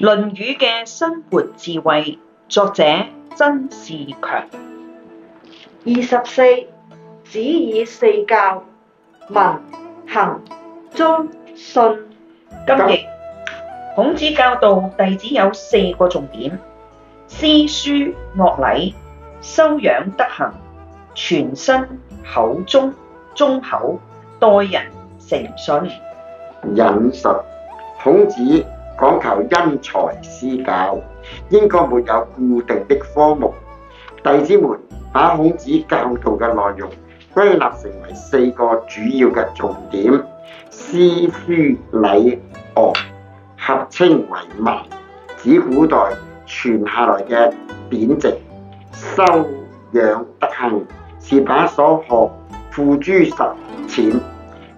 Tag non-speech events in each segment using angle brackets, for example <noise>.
《論語》嘅生活智慧，作者曾仕強。強二十四，子以四教：文、行、忠、信。今譯，孔子教導弟子有四個重點：詩書樂禮、樂禮、修養德行、全身口中、忠厚、待人誠信。引述，孔子。講求因材施教，應該沒有固定的科目。弟子們把孔子教導嘅內容歸納成為四個主要嘅重點：詩、書、禮、樂，合稱為文。指古代傳下來嘅典籍。修養德行是把所學付諸實踐，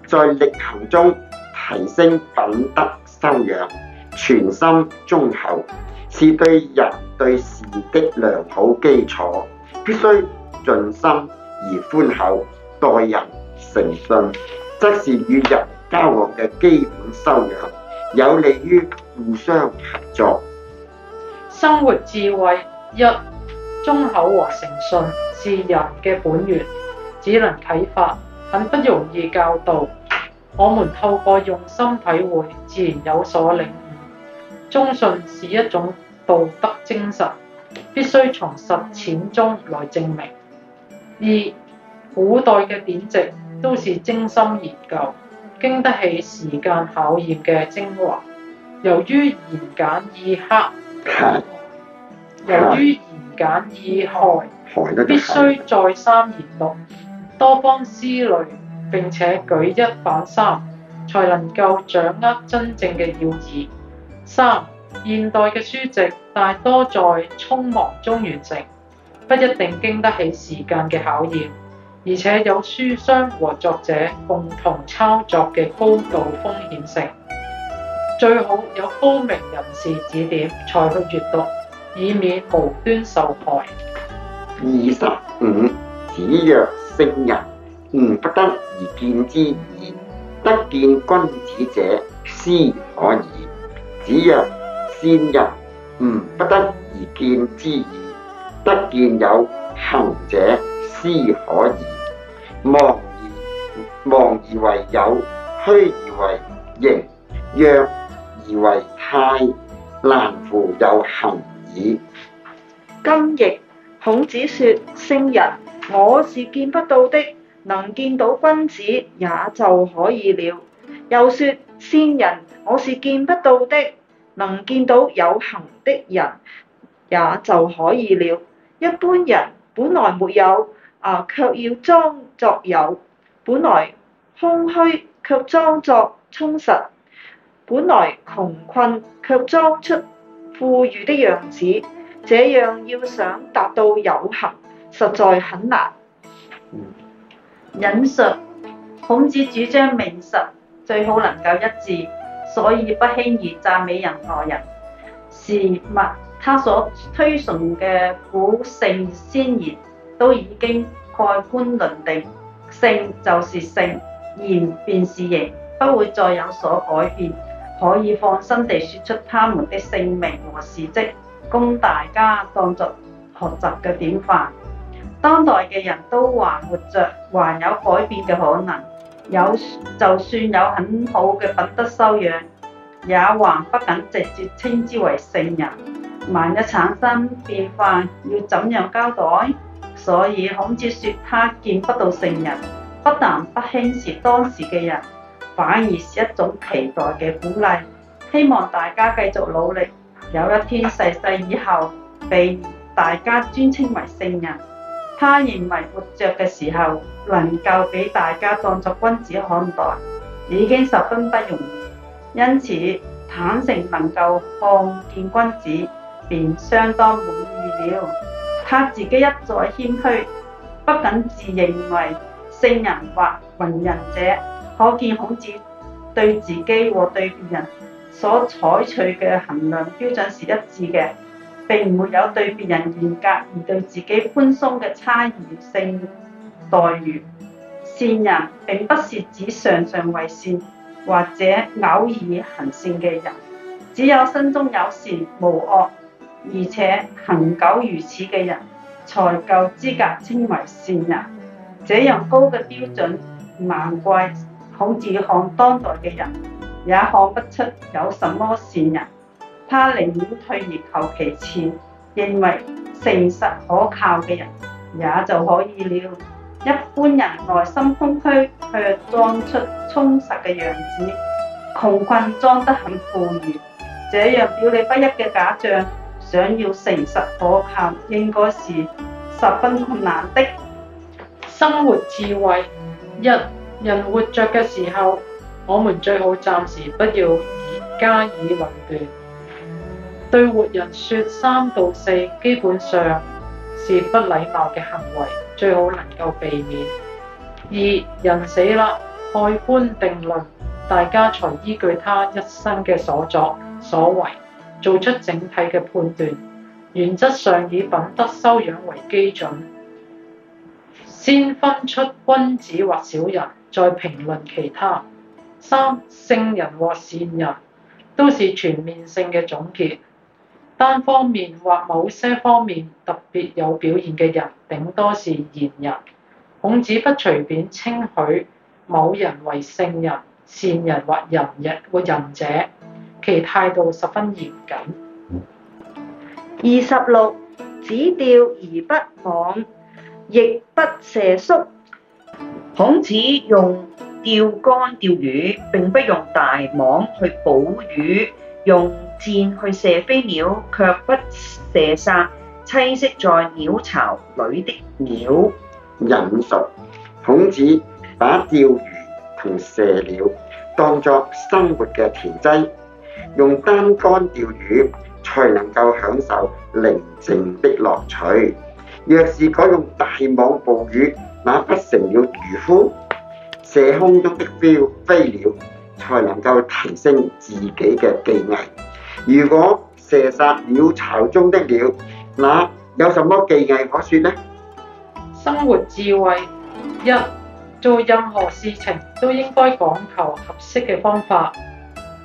在力行中提升品德修養。全心忠厚是對人對事的良好基礎，必須盡心而寬厚待人，誠信則是與人交往嘅基本修養，有利於互相合作。生活智慧一，忠厚和誠信是人嘅本源，只能啟發，很不容易教導。我們透過用心體會，自然有所領悟。忠信是一種道德精神，必須從實踐中來證明。二，古代嘅典籍都是精心研究、經得起時間考驗嘅精華。由於言簡意賅，啊、由於言簡意賅，啊、必須再三研讀、多方思慮，並且舉一反三，才能夠掌握真正嘅要義。三、現代嘅書籍大多在匆忙中完成，不一定經得起時間嘅考驗，而且有書商和作者共同操作嘅高度風險性。最好有高明人士指點才去閱讀，以免無端受害。二十五、子曰：「聖人吾不得而見之矣，得見君子者，斯可矣。」子曰：先人吾不得而見之矣，得見有恆者，斯可矣。望而忘而為有，虛而為盈，約而為泰，難乎有恆矣。今亦孔子說：聖人我是見不到的，能見到君子也就可以了。又說：先人我是見不到的。能見到有行的人也就可以了。一般人本來沒有啊，卻要裝作有；本來空虛卻裝作充實；本來窮困卻裝出富裕的樣子。這樣要想達到有行，實在很難。引述、嗯，孔子主張名實最好能夠一致。所以不輕易讚美任何人，人事物，他所推崇嘅古聖先賢都已經蓋棺論定，聖就是聖，賢便是賢，不會再有所改變，可以放心地說出他們的姓名和事迹，供大家當作學習嘅典範，當代嘅人都還活着，還有改變嘅可能。有就算有很好嘅品德修養，也還不敢直接稱之為聖人。萬一產生變化，要怎樣交代？所以孔子說他見不到聖人，不但不輕視當時嘅人，反而是一種期待嘅鼓勵，希望大家繼續努力，有一天逝世以後被大家尊稱為聖人。他認為活着嘅時候，能夠俾大家當作君子看待，已經十分不容易。因此，坦誠能夠看見君子，便相當滿意了。他自己一再謙虛，不敢自認為聖人或明人者，可見孔子對自己和對別人所採取嘅衡量標準是一致嘅。並沒有對別人嚴格而對自己寬鬆嘅差異性。待遇善人，並不是指常常為善或者偶爾行善嘅人，只有心中有善無惡，而且恒久如此嘅人才夠資格稱為善人。這樣高嘅標準，難怪孔子看當代嘅人也看不出有什麼善人，他寧願退而求其次，認為誠實可靠嘅人也就可以了。一般人內心空虛，卻裝出充實嘅樣子；窮困裝得很富裕，這樣表裏不一嘅假象，想要誠實可靠，應該是十分困難的。 <noise> 生活智慧：一，人活著嘅時候，我們最好暫時不要以加以論斷。對活人説三道四，基本上是不禮貌嘅行為。最好能夠避免。二，人死啦，蓋棺定論，大家才依據他一生嘅所作所為，做出整體嘅判斷。原則上以品德修養為基準，先分出君子或小人，再評論其他。三，聖人或善人，都是全面性嘅總結。單方面或某些方面特別有表現嘅人，頂多是賢人。孔子不隨便稱許某人為聖人、善人或仁人或仁者，其態度十分嚴謹。二十六，只釣而不網，亦不射宿。孔子用釣竿釣魚，並不用大網去捕魚，用箭去射飛鳥，卻不射殺棲息在鳥巢裏的鳥。引述孔子：把釣魚同射鳥當作生活嘅調劑，用單竿釣魚，才能夠享受寧靜的樂趣。若是改用大網捕魚，那不成了漁夫？射空中的標飛鳥，才能夠提升自己嘅技藝。如果射殺鳥巢中的鳥，那有什麼技藝可說呢？生活智慧一：做任何事情都應該講求合適嘅方法，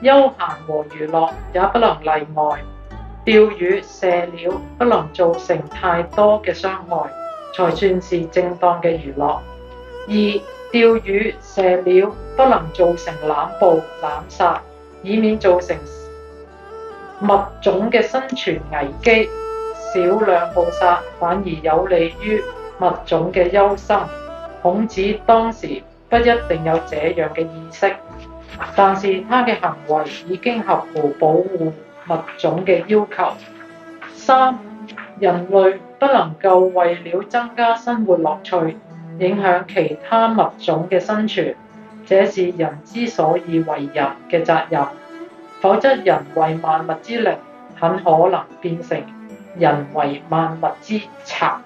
休閒和娛樂也不能例外。釣魚射鳥不能造成太多嘅傷害，才算是正當嘅娛樂。二：釣魚射鳥不能造成濫捕濫殺，以免造成物種嘅生存危機，少量捕殺反而有利於物種嘅優生。孔子當時不一定有這樣嘅意識，但是他嘅行為已經合乎保護物種嘅要求。三、人類不能夠為了增加生活樂趣，影響其他物種嘅生存，這是人之所以為人嘅責任。否則，人為萬物之靈，很可能變成人為萬物之賊。